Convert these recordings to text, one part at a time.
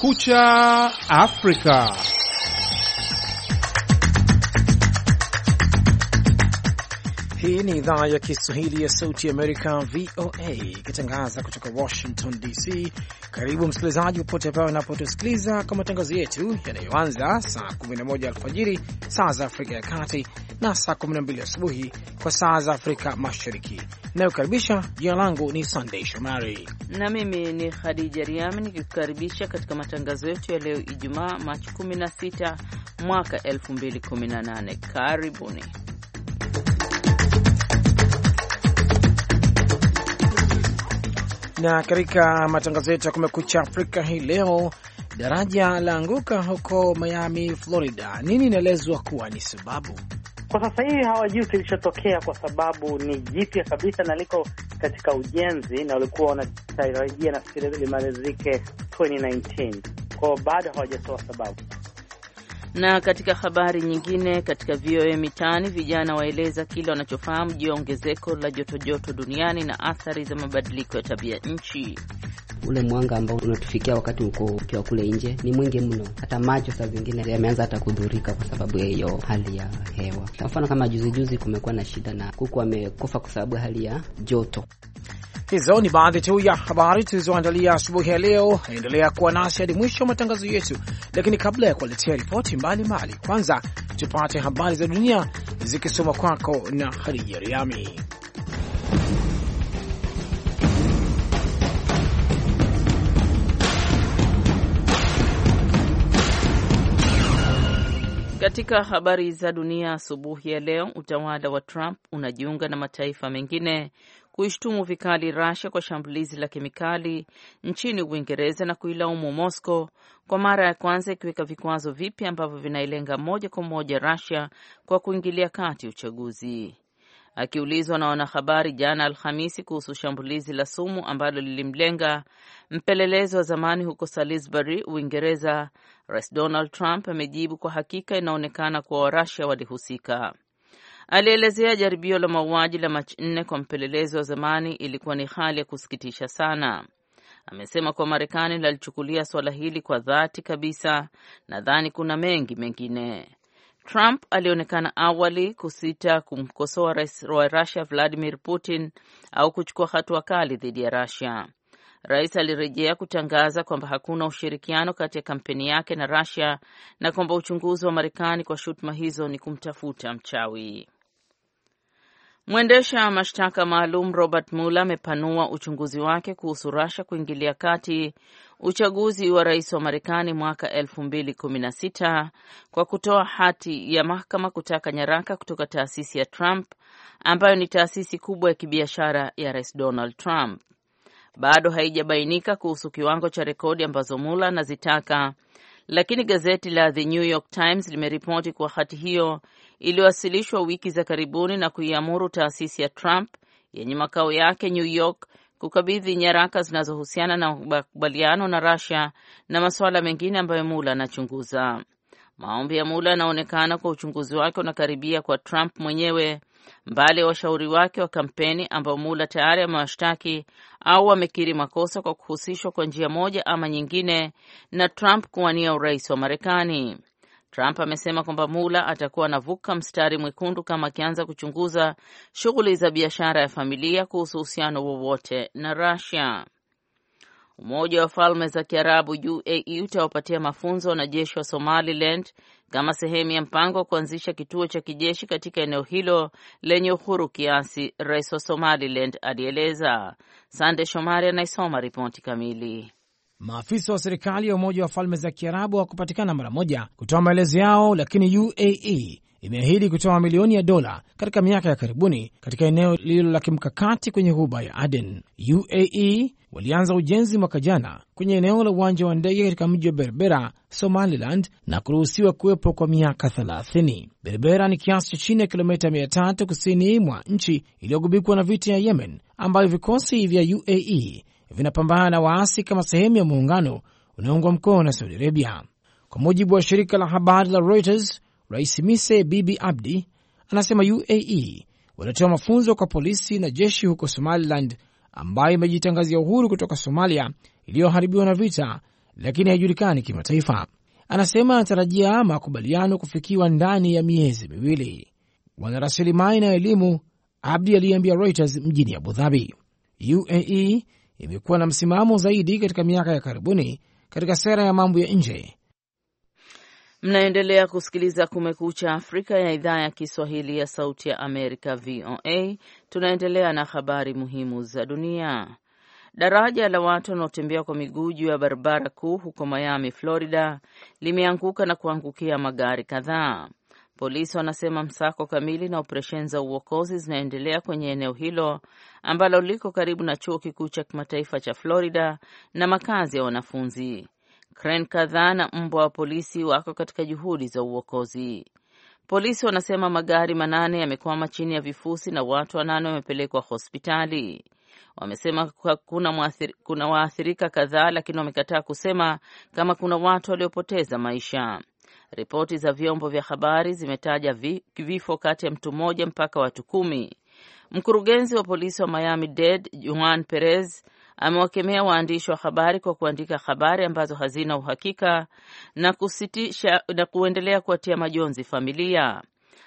Kumekucha Afrika. Hii ni idhaa ya Kiswahili ya Sauti ya Amerika, VOA, ikitangaza kutoka Washington DC. Karibu msikilizaji, popote pale unapotusikiliza kwa matangazo yetu yanayoanza saa 11 alfajiri saa za Afrika ya Kati na saa 12 asubuhi kwa saa za Afrika Mashariki. Inayokaribisha, jina langu ni Sandei Shomari na mimi ni Khadija Riami nikikukaribisha katika matangazo yetu ya leo Ijumaa, Machi 16 mwaka 2018. Karibuni. Na katika matangazo yetu ya Kumekucha Afrika hii leo, daraja la anguka huko Miami, Florida, nini inaelezwa kuwa ni sababu? Kwa sasa hivi hawajui kilichotokea, kwa sababu ni jipya kabisa na liko katika ujenzi, na walikuwa wanatarajia nafikiri limalizike 2019 kwao, bado hawajatoa sababu. Na katika habari nyingine, katika VOA Mitaani, vijana waeleza kile wanachofahamu juu ya ongezeko la jotojoto duniani na athari za mabadiliko ya tabia nchi ule mwanga ambao unatufikia wakati uko ukiwa kule nje ni mwingi mno, hata macho saa zingine yameanza hata kudhurika kwa sababu ya hiyo hali ya hewa. Kwa mfano kama juzijuzi juzi kumekuwa na shida na kuku amekufa kwa sababu ya hali ya joto. Hizo ni baadhi tu ya habari tulizoandalia asubuhi ya leo. Endelea kuwa nasi hadi mwisho wa matangazo yetu, lakini kabla ya kuwaletea ripoti mbalimbali, kwanza tupate habari za dunia zikisoma kwako na Hadija Riami. Katika habari za dunia asubuhi ya leo, utawala wa Trump unajiunga na mataifa mengine kuishtumu vikali Russia kwa shambulizi la kemikali nchini Uingereza na kuilaumu Moscow kwa mara ya kwanza ikiweka vikwazo vipya ambavyo vinailenga moja kwa moja Russia kwa kuingilia kati uchaguzi. Akiulizwa na wanahabari jana Alhamisi kuhusu shambulizi la sumu ambalo lilimlenga mpelelezi wa zamani huko Salisbury, Uingereza, Rais Donald Trump amejibu, kwa hakika inaonekana kuwa Warusia walihusika. Alielezea jaribio la mauaji la Machi nne kwa mpelelezi wa zamani, ilikuwa ni hali ya kusikitisha sana. Amesema kuwa Marekani lalichukulia suala hili kwa dhati kabisa. Nadhani kuna mengi mengine Trump alionekana awali kusita kumkosoa rais wa Rusia Vladimir Putin au kuchukua hatua kali dhidi ya rasia Rais alirejea kutangaza kwamba hakuna ushirikiano kati ya kampeni yake na rasia na kwamba uchunguzi wa Marekani kwa shutuma hizo ni kumtafuta mchawi. Mwendesha mashtaka maalum Robert Mueller amepanua uchunguzi wake kuhusu Russia kuingilia kati uchaguzi wa rais wa Marekani mwaka 2016 kwa kutoa hati ya mahakama kutaka nyaraka kutoka taasisi ya Trump ambayo ni taasisi kubwa ya kibiashara ya Rais Donald Trump. Bado haijabainika kuhusu kiwango cha rekodi ambazo Mueller anazitaka, lakini gazeti la The New York Times limeripoti kuwa hati hiyo iliyowasilishwa wiki za karibuni na kuiamuru taasisi ya Trump yenye makao yake New York kukabidhi nyaraka zinazohusiana na makubaliano na Russia na masuala mengine ambayo Mula anachunguza. Maombi ya Mula yanaonekana kwa uchunguzi wake unakaribia kwa Trump mwenyewe, mbali ya washauri wake wa kampeni ambao Mula tayari amewashtaki au amekiri makosa kwa kuhusishwa kwa njia moja ama nyingine na Trump kuwania urais wa Marekani. Trump amesema kwamba mula atakuwa anavuka mstari mwekundu kama akianza kuchunguza shughuli za biashara ya familia kuhusu uhusiano wowote na rasia Umoja wa Falme za Kiarabu UAE utawapatia mafunzo wanajeshi wa Somaliland kama sehemu ya mpango wa kuanzisha kituo cha kijeshi katika eneo hilo lenye uhuru kiasi, rais wa Somaliland alieleza. Sande Shomari anaisoma ripoti kamili. Maafisa wa serikali ya Umoja wa Falme za Kiarabu hawakupatikana mara moja kutoa maelezo yao, lakini UAE imeahidi kutoa mamilioni ya dola katika miaka ya karibuni katika eneo lililo la kimkakati kwenye ghuba ya Aden. UAE walianza ujenzi mwaka jana kwenye eneo la uwanja wa ndege katika mji wa Berbera, Somaliland, na kuruhusiwa kuwepo kwa miaka 30. Berbera ni kiasi cha chini ya kilomita 300 kusini mwa nchi iliyogubikwa na vita ya Yemen, ambayo vikosi vya UAE vinapambana na waasi kama sehemu ya muungano unaoungwa mkono na Saudi Arabia. Kwa mujibu wa shirika la habari la Reuters, Rais Mise Bibi Abdi anasema UAE wanatoa mafunzo kwa polisi na jeshi huko Somaliland, ambayo imejitangazia uhuru kutoka Somalia iliyoharibiwa na vita, lakini haijulikani kimataifa. Anasema anatarajia makubaliano kufikiwa ndani ya miezi miwili. wanarasilimai na elimu, Abdi aliyeambia Reuters mjini Abu Dhabi, UAE imekuwa na msimamo zaidi katika miaka ya karibuni katika sera ya mambo ya nje. Mnaendelea kusikiliza Kumekucha Afrika ya idhaa ya Kiswahili ya Sauti ya Amerika, VOA. Tunaendelea na habari muhimu za dunia. Daraja la watu wanaotembea kwa miguu juu ya barabara kuu huko Miami, Florida limeanguka na kuangukia magari kadhaa. Polisi wanasema msako kamili na operesheni za uokozi zinaendelea kwenye eneo hilo ambalo liko karibu na chuo kikuu cha kimataifa cha Florida na makazi ya wanafunzi. Kren kadhaa na mbwa wa polisi wako katika juhudi za uokozi. Polisi wanasema magari manane yamekwama chini ya vifusi na watu wanane wamepelekwa hospitali. Wamesema kuna, muathir, kuna waathirika kadhaa, lakini wamekataa kusema kama kuna watu waliopoteza maisha. Ripoti za vyombo vya habari zimetaja vifo kati ya mtu mmoja mpaka watu kumi. Mkurugenzi wa polisi wa Miami Dade Juan Perez amewakemea waandishi wa habari kwa kuandika habari ambazo hazina uhakika na kusitisha na kuendelea kuwatia majonzi familia.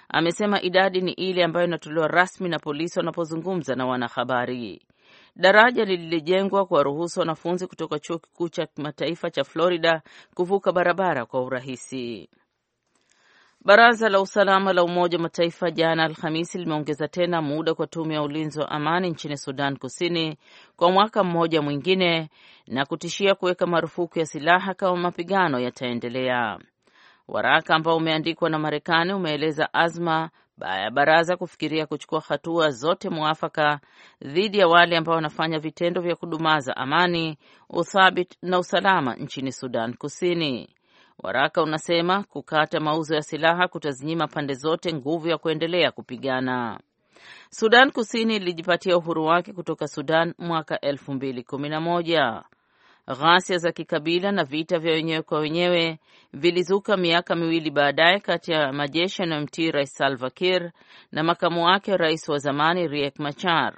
Amesema idadi ni ile ambayo inatolewa rasmi na polisi wanapozungumza na wanahabari. Daraja lililojengwa kuwaruhusu wanafunzi kutoka chuo kikuu cha kimataifa cha Florida kuvuka barabara kwa urahisi. Baraza la usalama la Umoja wa Mataifa jana Alhamisi limeongeza tena muda kwa tume ya ulinzi wa amani nchini Sudan Kusini kwa mwaka mmoja mwingine na kutishia kuweka marufuku ya silaha kama mapigano yataendelea. Waraka ambao umeandikwa na Marekani umeeleza azma baada ya baraza kufikiria kuchukua hatua zote mwafaka dhidi ya wale ambao wanafanya vitendo vya kudumaza amani, uthabiti na usalama nchini Sudan Kusini. Waraka unasema kukata mauzo ya silaha kutazinyima pande zote nguvu ya kuendelea kupigana. Sudan Kusini ilijipatia uhuru wake kutoka Sudan mwaka elfu mbili kumi na moja. Ghasia za kikabila na vita vya wenyewe kwa wenyewe vilizuka miaka miwili baadaye kati ya majeshi yanayomtii Rais Salva Kiir na makamu wake rais wa zamani Riek Machar.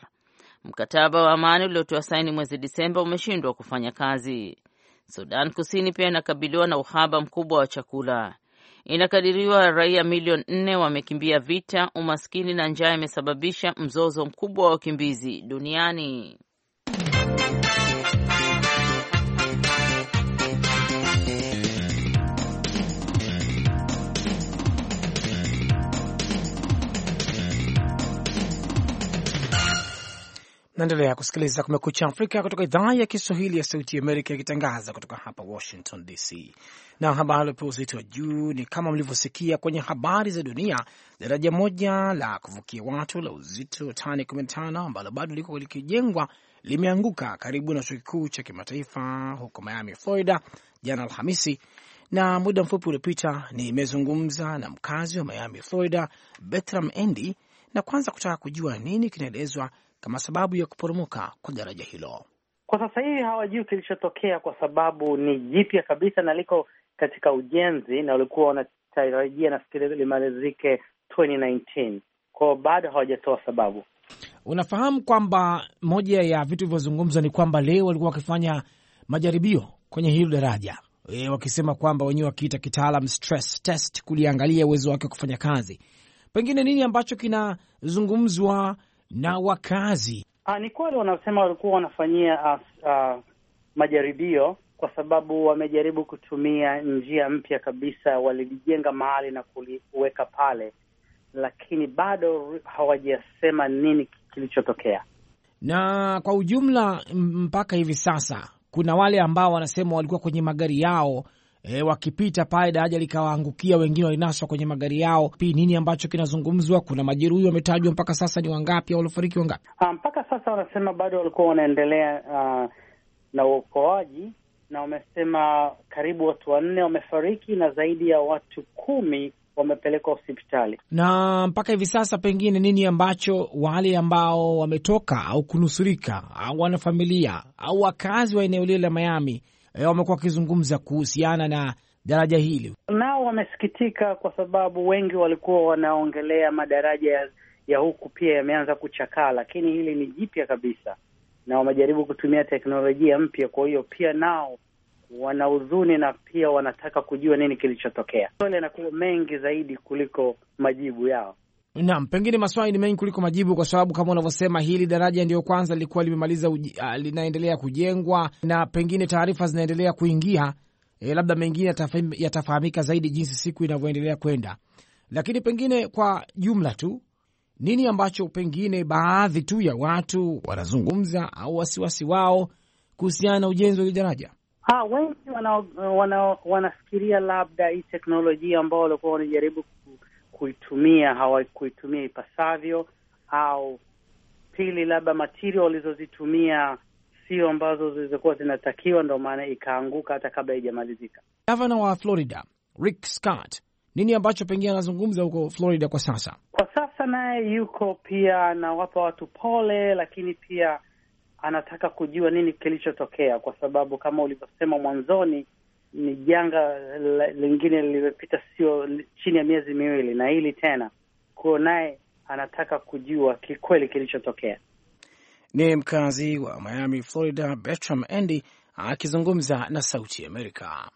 Mkataba wa amani uliotoa saini mwezi Disemba umeshindwa kufanya kazi. Sudan Kusini pia inakabiliwa na uhaba mkubwa wa chakula. Inakadiriwa raia milioni nne wamekimbia vita, umaskini na njaa imesababisha mzozo mkubwa wa wakimbizi duniani. Naendelea kusikiliza Kumekucha Afrika kutoka idhaa ya Kiswahili ya Sauti Amerika ikitangaza kutoka hapa Washington DC. Na habari lipewa uzito wa juu ni kama mlivyosikia kwenye habari za dunia, daraja moja la kuvukia watu la uzito tani 15 ambalo bado liko likijengwa limeanguka karibu na chuo kikuu cha kimataifa huko Miami, Florida jana Alhamisi, na muda mfupi uliopita nimezungumza na mkazi wa Miami, Florida, Bethram Endi, na kwanza kutaka kujua nini kinaelezwa kama sababu ya kuporomoka kwa daraja hilo. Kwa sasa hivi hawajui kilichotokea, kwa sababu ni jipya kabisa na liko katika ujenzi na walikuwa wanatarajia nafikiri limalizike 2019 kwao, bado hawajatoa sababu. Unafahamu kwamba moja ya vitu vilivyozungumzwa ni kwamba leo walikuwa wakifanya majaribio kwenye hilo daraja e, wakisema kwamba wenyewe wakiita kitaalam stress test, kuliangalia uwezo wake wa kufanya kazi. Pengine nini ambacho kinazungumzwa na wakazi. Ah, ni kweli wanasema walikuwa wanafanyia uh, uh, majaribio kwa sababu wamejaribu kutumia njia mpya kabisa. Walilijenga mahali na kuliweka pale, lakini bado hawajasema nini kilichotokea. Na kwa ujumla, mpaka hivi sasa kuna wale ambao wanasema walikuwa kwenye magari yao e, wakipita pale daraja likawaangukia, wengine walinaswa kwenye magari yao. Pi, nini ambacho kinazungumzwa? Kuna majeruhi wametajwa mpaka sasa ni wangapi, au waliofariki wangapi? Ah, mpaka sasa wanasema bado walikuwa wanaendelea uh, na uokoaji na wamesema karibu watu wanne wamefariki na zaidi ya watu kumi wamepelekwa hospitali. Na mpaka hivi sasa, pengine nini ambacho wale ambao wametoka au kunusurika au wanafamilia au wakazi wa eneo lile la Miami E, wamekuwa wakizungumza kuhusiana na daraja hili? Nao wamesikitika kwa sababu wengi walikuwa wanaongelea madaraja ya, ya huku pia yameanza kuchakaa, lakini hili ni jipya kabisa na wamejaribu kutumia teknolojia mpya. Kwa hiyo pia nao wana huzuni na pia wanataka kujua nini kilichotokea. Swali yanakuwa mengi zaidi kuliko majibu yao. Naam, pengine maswali ni mengi kuliko majibu, kwa sababu kama unavyosema hili daraja ndiyo kwanza lilikuwa limemaliza uh, linaendelea kujengwa na pengine taarifa zinaendelea kuingia. E, labda mengine yatafahamika zaidi jinsi siku inavyoendelea kwenda, lakini pengine kwa jumla tu, nini ambacho pengine baadhi tu ya watu wanazungumza au wasiwasi wao kuhusiana na ujenzi wa hili daraja? Ha, ah, wengi wanafikiria wana, wana labda hii teknolojia ambao walikuwa wanajaribu kuitumia hawakuitumia ipasavyo, au pili, labda material walizozitumia sio ambazo zilizokuwa zinatakiwa, ndo maana ikaanguka hata kabla haijamalizika. Gavana wa Florida Rick Scott, nini ambacho pengine anazungumza huko Florida kwa sasa? Kwa sasa naye yuko pia anawapa watu pole, lakini pia anataka kujua nini kilichotokea, kwa sababu kama ulivyosema mwanzoni ni janga lingine lililopita sio chini ya miezi miwili, na hili tena kwao, naye anataka kujua kikweli kilichotokea. Ni mkazi wa Miami, Florida, Bertram Endi akizungumza na Sauti Amerika.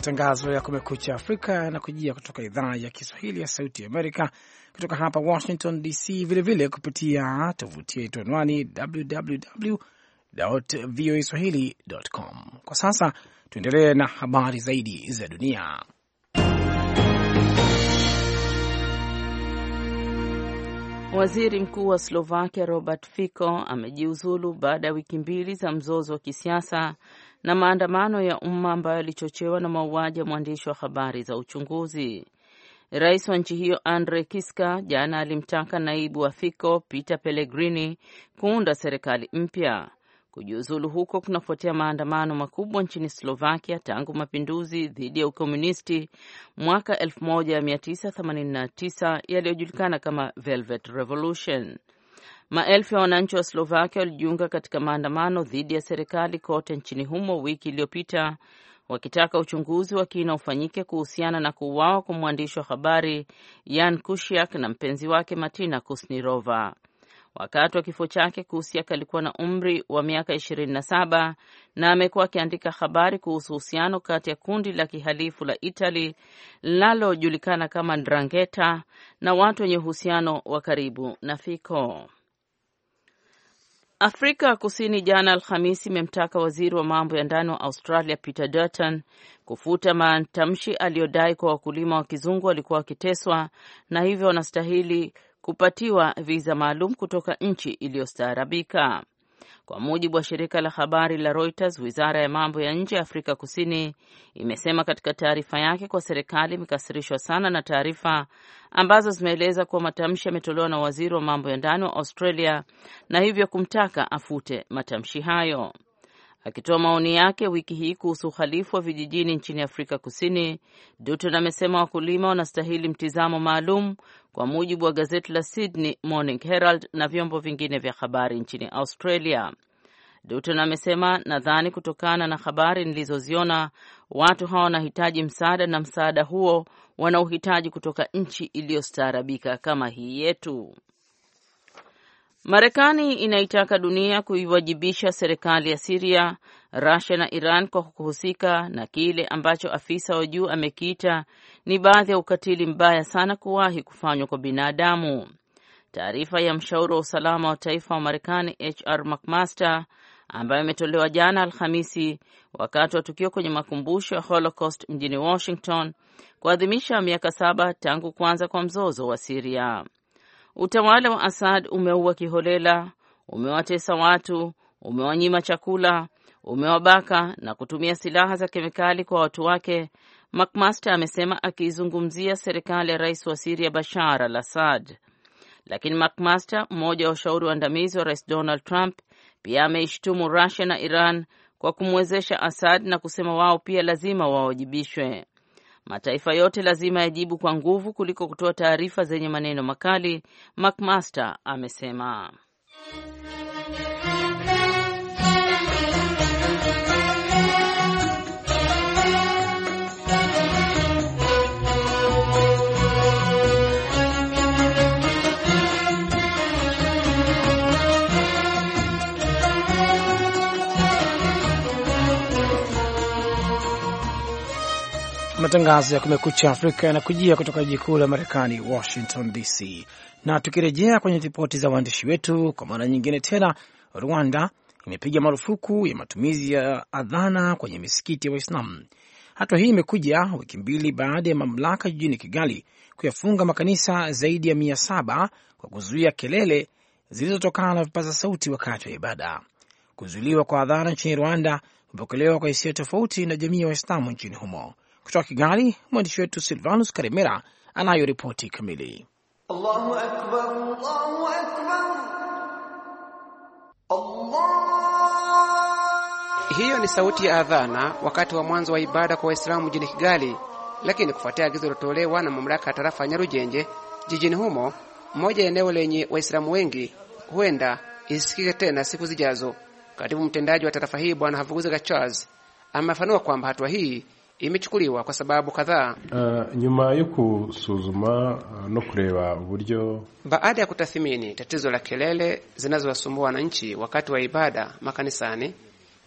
Matangazo ya Kumekucha Afrika yanakujia kutoka idhaa ya Kiswahili ya Sauti Amerika, kutoka hapa Washington DC, vilevile kupitia tovuti yetu anwani www voa swahili.com. Kwa sasa tuendelee na habari zaidi za dunia. Waziri mkuu wa Slovakia Robert Fico amejiuzulu baada ya wiki mbili za mzozo wa kisiasa na maandamano ya umma ambayo yalichochewa na mauaji ya mwandishi wa habari za uchunguzi. Rais wa nchi hiyo Andre Kiska jana alimtaka naibu wa Fico Peter Pellegrini kuunda serikali mpya. Kujiuzulu huko kunafuatia maandamano makubwa nchini Slovakia tangu mapinduzi dhidi ya ukomunisti mwaka 1989 yaliyojulikana kama Velvet Revolution. Maelfu ya wananchi wa Slovakia walijiunga katika maandamano dhidi ya serikali kote nchini humo wiki iliyopita wakitaka uchunguzi wa kina ufanyike kuhusiana na kuuawa kwa mwandishi wa habari Yan Kushiak na mpenzi wake Martina Kusnirova. Wakati wa kifo chake, Kusiak alikuwa na umri wa miaka 27 na amekuwa akiandika habari kuhusu uhusiano kati ya kundi la kihalifu la Itali linalojulikana kama Ndrangheta na watu wenye uhusiano wa karibu na Fico. Afrika Kusini jana Alhamisi imemtaka waziri wa mambo ya ndani wa Australia Peter Dutton kufuta matamshi aliyodai kwa wakulima wa kizungu walikuwa wakiteswa na hivyo wanastahili kupatiwa viza maalum kutoka nchi iliyostaarabika. Kwa mujibu wa shirika la habari la Reuters, wizara ya mambo ya nje ya Afrika Kusini imesema katika taarifa yake kuwa serikali imekasirishwa sana na taarifa ambazo zimeeleza kuwa matamshi yametolewa na waziri wa mambo ya ndani wa Australia na hivyo kumtaka afute matamshi hayo. Akitoa maoni yake wiki hii kuhusu uhalifu wa vijijini nchini Afrika Kusini, Dutton amesema wakulima wanastahili mtizamo maalum, kwa mujibu wa gazeti la Sydney Morning Herald na vyombo vingine vya habari nchini Australia. Dutton amesema, nadhani kutokana na habari nilizoziona, watu hawa wanahitaji msaada na msaada huo wanauhitaji kutoka nchi iliyostaarabika kama hii yetu. Marekani inaitaka dunia kuiwajibisha serikali ya Siria, Russia na Iran kwa kuhusika na kile ambacho afisa wa juu amekiita ni baadhi ya ukatili mbaya sana kuwahi kufanywa kwa binadamu. Taarifa ya mshauri wa usalama wa taifa wa Marekani HR McMaster ambayo imetolewa jana Alhamisi wakati wa tukio kwenye makumbusho ya Holocaust mjini Washington kuadhimisha miaka saba tangu kuanza kwa mzozo wa Siria. Utawala wa Assad umeua kiholela, umewatesa watu, umewanyima chakula, umewabaka na kutumia silaha za kemikali kwa watu wake, McMaster amesema akiizungumzia serikali ya rais wa Siria Bashar al Assad. Lakini McMaster, mmoja wa washauri waandamizi wa rais Donald Trump, pia ameishtumu Rusia na Iran kwa kumwezesha Assad na kusema wao pia lazima wawajibishwe mataifa yote lazima yajibu kwa nguvu kuliko kutoa taarifa zenye maneno makali, McMaster amesema. Matangazo ya Kumekucha Afrika yanakujia kutoka jiji kuu la Marekani, Washington DC. Na tukirejea kwenye ripoti za waandishi wetu, kwa mara nyingine tena, Rwanda imepiga marufuku ya matumizi ya adhana kwenye misikiti ya wa Waislamu. Hatua hii imekuja wiki mbili baada ya mamlaka jijini Kigali kuyafunga makanisa zaidi ya mia saba kwa kuzuia kelele zilizotokana na vipaza sauti wakati wa ibada. Kuzuiliwa kwa adhana nchini Rwanda kumepokelewa kwa hisia tofauti na jamii ya wa Waislamu nchini humo. Kutoka Kigali, mwandishi wetu Silvanus Karimera anayo ripoti kamili. Allahu Akbar, Allahu Akbar, Allah. Hiyo ni sauti ya adhana wakati wa mwanzo wa ibada kwa Waislamu mjini Kigali, lakini kufuatia agizo lilotolewa na mamlaka ya tarafa ya Nyarugenge jijini humo, mmoja eneo lenye Waislamu wengi, huenda isikike tena siku zijazo. Katibu mtendaji wa tarafa hii Bwana Havuguzi Gachaz amefanua kwamba hatua hii imechukuliwa kwa sababu kadhaa. Uh, nyuma yo kusuzuma uh, no kureba uburyo, baada ya kutathimini tatizo la kelele zinazowasumbua wananchi wakati wa ibada makanisani,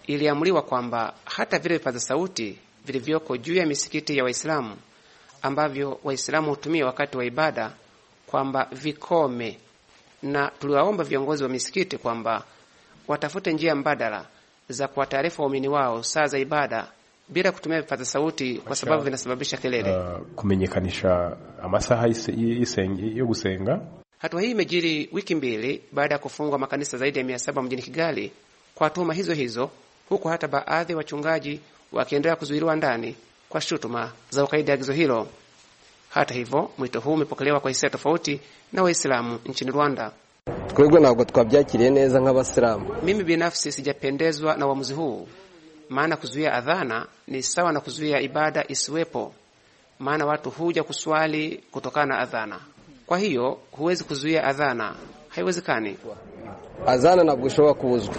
iliamuliwa kwamba hata vile vipaza sauti vilivyoko juu ya misikiti ya Waislamu ambavyo Waislamu hutumia wakati wa ibada kwamba vikome, na tuliwaomba viongozi wa misikiti kwamba watafute njia mbadala za kuwataarifa waumini wao saa za ibada bila kutumia vipaza sauti kwa sababu vinasababisha kelele uh, kumenyekanisha amasaha yo gusenga. Hatua hii imejiri wiki mbili baada ya kufungwa makanisa zaidi ya mia saba mjini Kigali kwa tuhuma hizo hizo, huku hata baadhi wachungaji wakiendelea kuzuiliwa ndani kwa shutuma za ukaidi agizo hilo. Hata hivyo, mwito huu umepokelewa kwa hisia tofauti na Waislamu nchini Rwanda. Twebwe ntabwo twabyakiriye neza nk'Abasilamu. Mimi binafsi sijapendezwa na uamuzi huu maana kuzuia adhana ni sawa na kuzuia ibada isiwepo, maana watu huja kuswali kutokana na adhana. Kwa hiyo huwezi kuzuia adhana, haiwezekani. Adhana na kushoa kuuzwa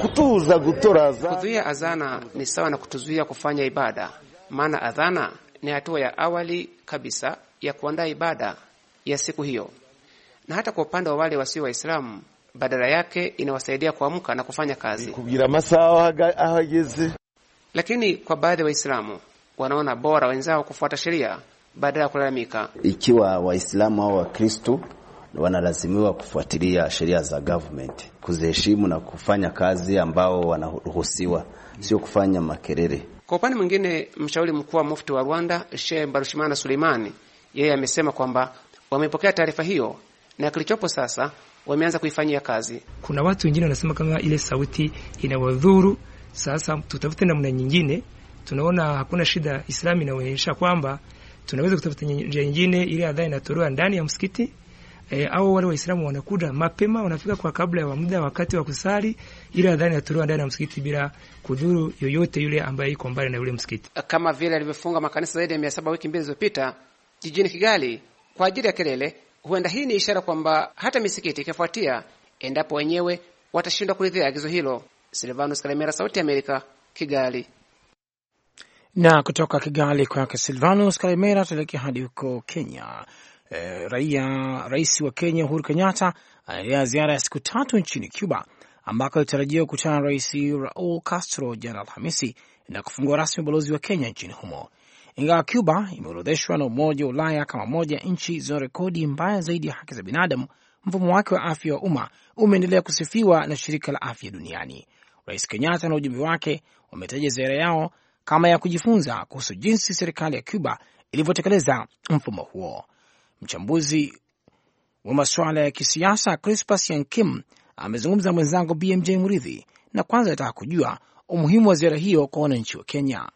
kutuza gutora adhana. Kuzuia adhana ni sawa na kutuzuia kufanya ibada, maana adhana ni hatua ya awali kabisa ya kuandaa ibada ya siku hiyo. Na hata kwa upande wa wale wasio Waislamu badala yake inawasaidia kuamka na kufanya kazi kugira masaha ahageze. Lakini kwa baadhi ya wa Waislamu wanaona bora wenzao kufuata sheria badala ya kulalamika. Ikiwa Waislamu au Wakristo wanalazimiwa kufuatilia sheria za government, kuziheshimu na kufanya kazi ambao wanaruhusiwa, sio kufanya makelele. Kwa upande mwingine, mshauri mkuu wa mufti wa Rwanda Sheikh Mbarushimana Suleimani yeye amesema kwamba wamepokea taarifa hiyo na kilichopo sasa wameanza kuifanyia kazi. Kuna watu wengine wanasema kama ile sauti inawadhuru, sasa tutafute namna nyingine. Tunaona hakuna shida, Islam inaonyesha kwamba tunaweza kutafuta njia nyingine, ile adhaa inatolewa ndani ya msikiti E, au wale Waislamu wanakuja mapema, wanafika kwa kabla ya muda, wakati wa kusali, ile adhana inatolewa ndani ya msikiti bila kudhuru yoyote yule ambaye iko mbali na yule msikiti, kama vile alivyofunga makanisa zaidi ya mia saba wiki mbili zilizopita jijini Kigali kwa ajili ya kelele Huenda hii ni ishara kwamba hata misikiti ikifuatia endapo wenyewe watashindwa kuridhia agizo hilo. Silvanus Kalemera, Sauti ya Amerika, Kigali. Na kutoka Kigali kwake Silvanus Kalemera. Tuelekea hadi huko Kenya. E, raia rais wa Kenya Uhuru Kenyatta anaendelea ziara ya siku tatu nchini Cuba ambako alitarajiwa kukutana na rais Raul Castro jana Alhamisi na kufungua rasmi ubalozi wa Kenya nchini humo. Ingawa Cuba imeorodheshwa na Umoja wa Ulaya kama moja ya nchi zina rekodi mbaya zaidi ya haki za binadamu, mfumo wake wa afya wa umma umeendelea kusifiwa na Shirika la Afya Duniani. Rais Kenyatta na ujumbe wake wametaja ziara yao kama ya kujifunza kuhusu jinsi serikali ya Cuba ilivyotekeleza mfumo huo. Mchambuzi wa masuala ya kisiasa Crispas Yankim amezungumza mwenzangu BMJ Muridhi, na kwanza anataka kujua umuhimu wa ziara hiyo kwa wananchi wa Kenya.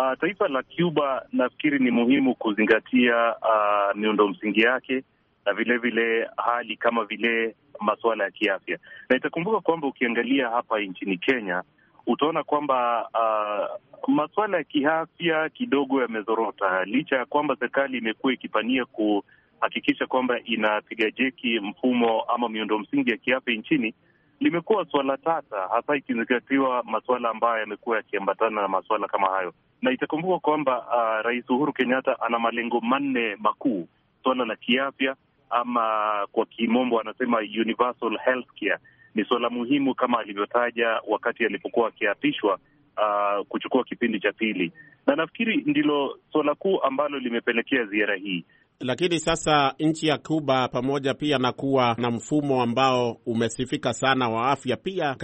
Uh, taifa la Cuba nafikiri ni muhimu kuzingatia uh, miundo msingi yake na vilevile vile hali kama vile masuala ya kiafya, na itakumbuka kwamba ukiangalia hapa nchini Kenya utaona kwamba uh, masuala ya kiafya kidogo yamezorota, licha ya kwamba serikali imekuwa ikipania kuhakikisha kwamba inapiga jeki mfumo ama miundo msingi ya kiafya nchini, limekuwa swala tata, hasa ikizingatiwa masuala ambayo yamekuwa yakiambatana na masuala kama hayo, na itakumbuka kwamba uh, Rais Uhuru Kenyatta ana malengo manne makuu: suala la kiafya ama kwa kimombo anasema universal healthcare. Ni suala muhimu kama alivyotaja wakati alipokuwa akiapishwa uh, kuchukua kipindi cha pili, na nafikiri ndilo suala kuu ambalo limepelekea ziara hii. Lakini sasa nchi ya Cuba pamoja pia na kuwa na mfumo ambao umesifika sana wa afya, pia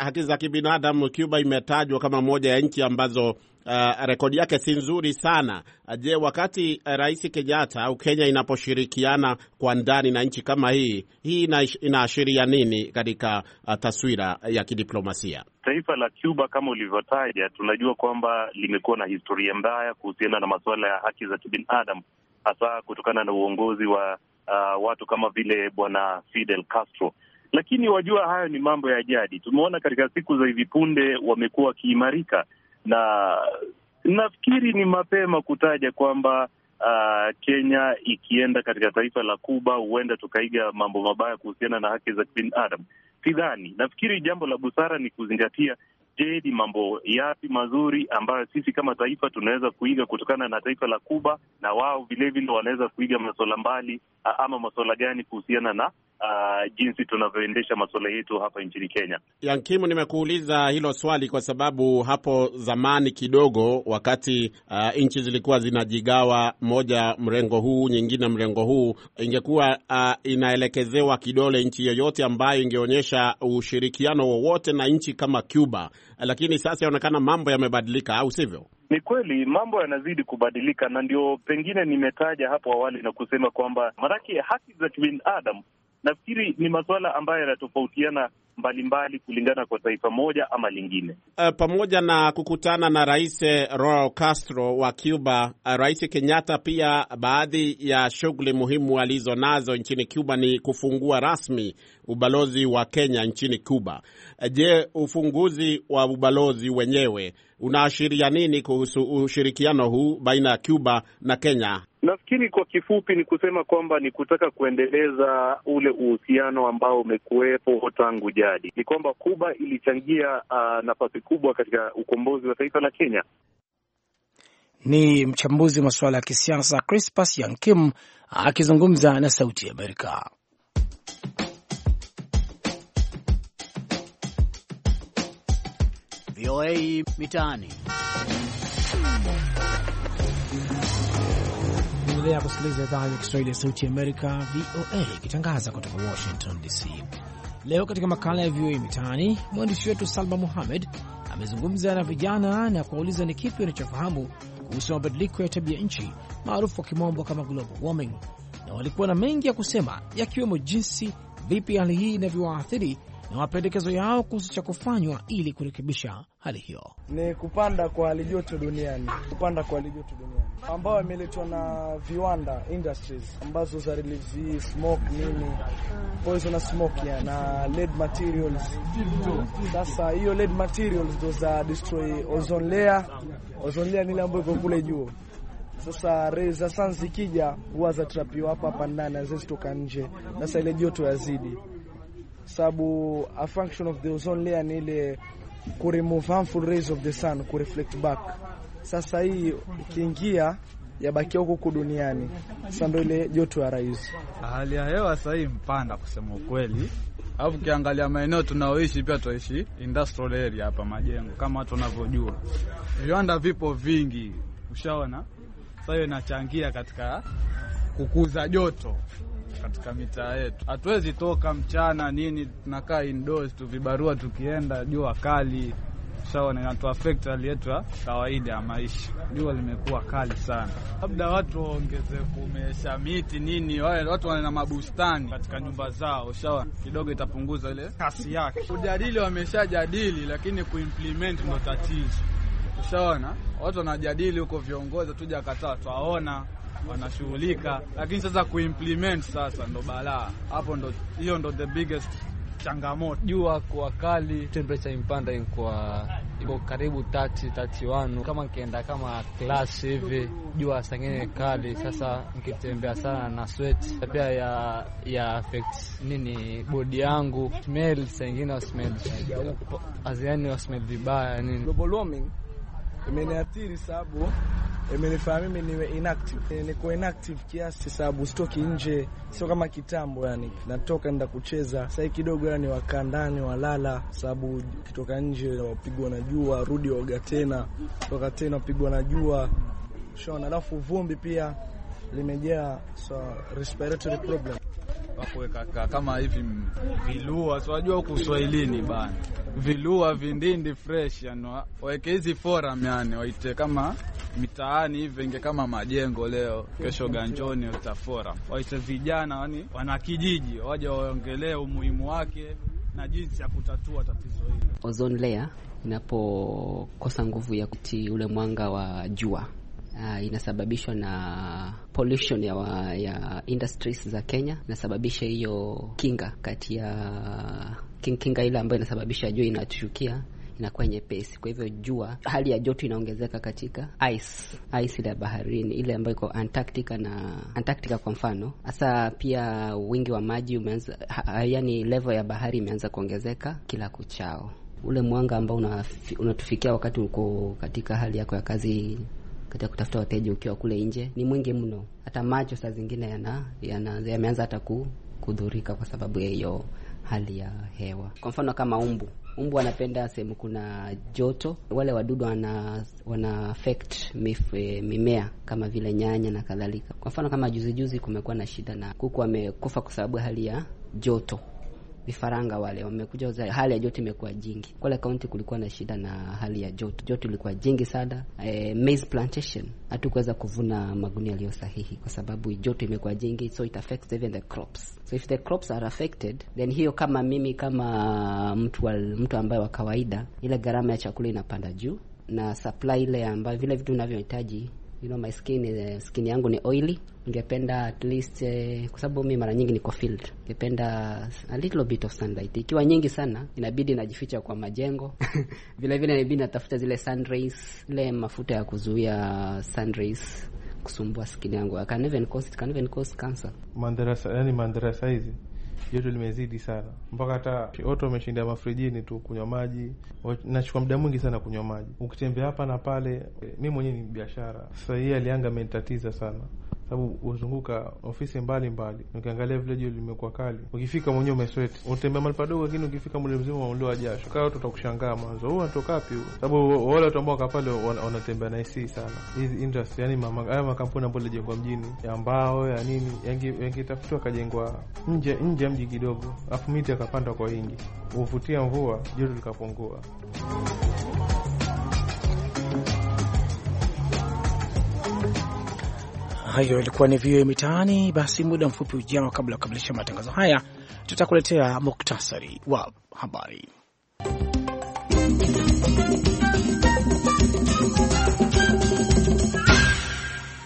haki za kibinadamu, Cuba imetajwa kama moja ya nchi ambazo uh, rekodi yake si nzuri sana. Je, wakati uh, Rais Kenyatta au Kenya inaposhirikiana kwa ndani na nchi kama hii, hii inaashiria nini katika uh, taswira ya kidiplomasia? Taifa la Cuba kama ulivyotaja, tunajua kwamba limekuwa na historia mbaya kuhusiana na masuala ya haki za kibinadamu hasa kutokana na uongozi wa uh, watu kama vile bwana Fidel Castro. Lakini wajua, hayo ni mambo ya jadi. Tumeona katika siku za hivi punde wamekuwa wakiimarika, na nafikiri ni mapema kutaja kwamba uh, Kenya ikienda katika taifa la Kuba huenda tukaiga mambo mabaya kuhusiana na haki za kibinadamu. Sidhani, nafikiri jambo la busara ni kuzingatia Je, ni mambo yapi mazuri ambayo sisi kama taifa tunaweza kuiga kutokana na taifa la Kuba, na wao vilevile wanaweza kuiga masuala mbali ama masuala gani kuhusiana na uh, jinsi tunavyoendesha masuala yetu hapa nchini Kenya. Yankimu, nimekuuliza hilo swali kwa sababu hapo zamani kidogo, wakati uh, nchi zilikuwa zinajigawa, moja mrengo huu, nyingine mrengo huu, ingekuwa uh, inaelekezewa kidole nchi yoyote ambayo ingeonyesha ushirikiano wowote na nchi kama Cuba, lakini sasa inaonekana mambo yamebadilika, au sivyo? Ni kweli mambo yanazidi kubadilika, na ndio pengine nimetaja hapo awali na kusema kwamba maanake haki za kibinadamu nafikiri ni masuala ambayo yanatofautiana mbalimbali kulingana kwa taifa moja ama lingine. Uh, pamoja na kukutana na Rais eh, Raul Castro wa Cuba, uh, Rais Kenyatta pia baadhi ya shughuli muhimu alizonazo nchini Cuba ni kufungua rasmi ubalozi wa Kenya nchini Cuba. Uh, je, ufunguzi wa ubalozi wenyewe unaashiria nini kuhusu ushirikiano huu baina ya Cuba na Kenya? Nafikiri kwa kifupi ni kusema kwamba ni kutaka kuendeleza ule uhusiano ambao umekuwepo tangu jadi ni kwamba Kuba ilichangia uh, nafasi kubwa katika ukombozi wa taifa la Kenya. Ni mchambuzi wa masuala ya kisiasa Crispas Yankim akizungumza na Sauti ya Amerika. VOA Mitaani endelea kusikiliza idhaa ya Kiswahili ya Sauti ya Amerika, VOA ikitangaza kutoka Washington DC. Leo katika makala ya VOA Mitaani, mwandishi wetu Salma Muhamed amezungumza na vijana na kuwauliza ni kipi wanachofahamu kuhusu mabadiliko ya tabia nchi maarufu kwa kimombo kama global warming, na walikuwa na mengi ya kusema, yakiwemo jinsi vipi hali hii inavyowaathiri na mapendekezo yao kuhusu cha kufanywa ili kurekebisha hali hiyo. Ni kupanda kwa halijoto duniani, kupanda kwa halijoto duniani ambayo imeletwa na viwanda industries ambazo za release smoke nini poison smoke ya na lead materials. Sasa hiyo lead materials ndo za destroy ozone layer. Ozone layer ni ile ambayo iko kule juu. Sasa reza za sun zikija huwa zatrapiwa hapa hapa ndani, hazitoka nje. Sasa ile joto yazidi sababu a function of the ozone layer ni ile ku remove harmful rays of the sun ku reflect back. Sasa hii ikiingia yabakia huku duniani, sasa ndio ile joto ya rais. Ah, hali ya hewa sasa hii mpanda kusema ukweli, alafu ukiangalia maeneo tunaoishi pia tuishi industrial area hapa, majengo kama watu wanavyojua, viwanda vipo vingi, ushaona. Sasa hiyo inachangia katika kukuza joto katika mitaa yetu. Hatuwezi toka mchana nini, tunakaa indoors tu, vibarua tukienda, jua kali inatu inatuafekti hali yetu ya kawaida ya maisha. Jua limekuwa kali sana, labda watu waongeze kumesha miti nini, wale watu wana mabustani katika nyumba zao, sawa, kidogo itapunguza ile kasi yake. Kujadili wameshajadili, lakini kuimplement ndo tatizo. Ushaona watu wanajadili huko, viongozi tuja kataa, twaona wanashughulika, lakini sasa kuimplement sasa ndo balaa hapo, ndo hiyo ndo the biggest changamoto. Jua kwa kali, temperature impanda kwa iko karibu 30 31. Kama nikienda kama class hivi, jua sangine kali, sasa nikitembea sana na sweat pia ya ya affect nini body yangu, smell sangine, smell aziani, smell vibaya nini global warming imeniathiri sababu imenifanya mimi niwe inactive, niko inactive kiasi sababu sitoki nje, sio kama kitambo. Yani natoka nenda kucheza sai kidogo, yani wakaa ndani walala, sababu kitoka nje wapigwa na jua, rudi waoga tena, toka tena wapigwa na jua, shona. Alafu vumbi pia limejaa, so respiratory problem wakuweka kama hivi vilua, siwajua huku Swahilini bana, vilua vindindi fresh, yani waweke hizi forum, yani waite kama mitaani hivi, inge kama majengo leo kesho ganjoni forum, waite vijana yani kijiji waje waongelee umuhimu wake na jinsi ya kutatua tatizo hilo. Ozone layer inapokosa nguvu ya kuti ule mwanga wa jua uh, inasababishwa na pollution ya, wa, ya industries za Kenya, inasababisha hiyo kinga kati ya king, kinga ile ambayo inasababisha jua inatushukia inakuwa nyepesi, kwa hivyo jua, hali ya joto inaongezeka katika ice ice ile ya baharini ile ambayo iko Antarctica na Antarctica kwa mfano. Hasa pia wingi wa maji umeanza, yani level ya bahari imeanza kuongezeka kila kuchao. Ule mwanga ambao unatufikia wakati uko katika hali yako ya kazi katika kutafuta wateja ukiwa kule nje ni mwingi mno, hata macho saa zingine yana, yana, yameanza hata kudhurika kwa sababu ya hiyo hali ya hewa. Kwa mfano kama umbu umbu wanapenda sehemu kuna joto. Wale wadudu wana, wana affect mif, e, mimea kama vile nyanya na kadhalika. Kwa mfano kama juzijuzi kumekuwa na shida na kuku wamekufa kwa sababu hali ya joto vifaranga wale wamekuja uzali. Hali ya joto imekuwa jingi Kwale kaunti, kulikuwa na shida na hali ya joto, joto ilikuwa jingi sana. E, maize plantation hatukuweza kuvuna magunia yaliyo sahihi kwa sababu joto imekuwa jingi, so it affects even the crops. So if the crops are affected then hiyo, kama mimi kama mtu wa, mtu ambaye wa kawaida, ile gharama ya chakula inapanda juu na supply ile ambayo vile vitu unavyohitaji you know my skin is, eh, skin yangu ni oily. Ningependa at least eh, kwa sababu mimi mara nyingi niko field, ningependa a little bit of sunlight. Ikiwa nyingi sana, inabidi najificha kwa majengo vile vile inabidi natafuta zile sun rays, ile mafuta ya kuzuia sun rays kusumbua skin yangu. I can even cause, it can even cause cancer. Mandara, yani mandara size joto limezidi sana mpaka hata oto ameshindia mafrijini tu kunywa maji. Nachukua muda mwingi sana kunywa maji, ukitembea hapa na pale. Eh, Mi mwenyewe ni biashara, sasa hii alianga amenitatiza sana sababu huzunguka ofisi mbalimbali. Ukiangalia vile jua limekuwa kali, ukifika mwenyewe umesweti, unatembea mali padogo, lakini ukifika mwili mzima umeondoa jasho. Kaa watu watakushangaa mwanzo, huu anatoka wapi huu? Sababu wale watu ambao pale wanatembea na hisi sana hizi industry, yani haya makampuni ambayo yalijengwa mjini ya mbao ya nini, yangitafutiwa akajengwa nje nje ya mji kidogo, afu miti akapandwa kwa wingi, huvutia mvua, joto likapungua. hayo yalikuwa ni vioe Mitaani. Basi muda mfupi ujao, kabla ya kukamilisha matangazo haya, tutakuletea muktasari wa habari.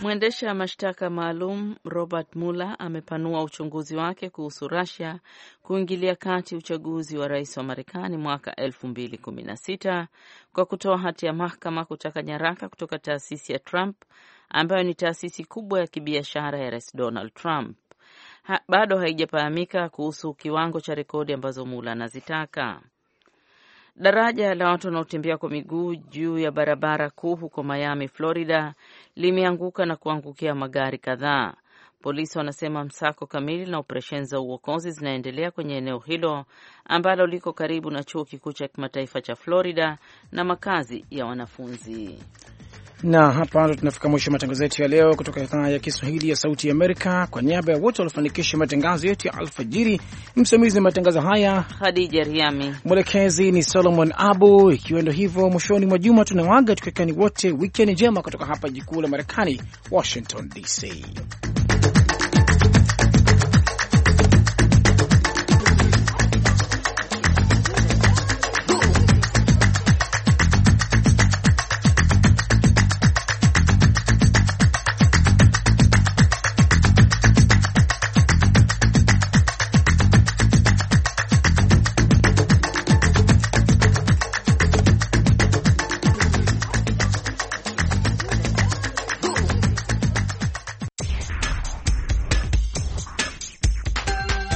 Mwendesha mashtaka maalum Robert Mueller amepanua uchunguzi wake kuhusu Russia kuingilia kati uchaguzi wa rais wa Marekani mwaka 2016 kwa kutoa hati ya mahakama kutaka nyaraka kutoka taasisi ya Trump ambayo ni taasisi kubwa ya kibiashara ya Rais Donald Trump. Ha, bado haijafahamika kuhusu kiwango cha rekodi ambazo Mula anazitaka. Daraja la watu wanaotembea kwa miguu juu ya barabara kuu huko Miami, Florida limeanguka na kuangukia magari kadhaa. Polisi wanasema msako kamili na operesheni za uokozi zinaendelea kwenye eneo hilo ambalo liko karibu na chuo kikuu cha kimataifa cha Florida na makazi ya wanafunzi na hapa ndo tunafika mwisho matangazo yetu ya leo kutoka idhaa ya Kiswahili ya Sauti ya Amerika. Kwa niaba ya wote waliofanikisha matangazo yetu ya alfajiri, msimamizi wa matangazo haya Hadija Riami, mwelekezi ni Solomon Abu. Ikiwa ndo hivyo, mwishoni mwa juma tunawaga tukiwekani wote wikendi njema kutoka hapa jikuu la Marekani, Washington DC.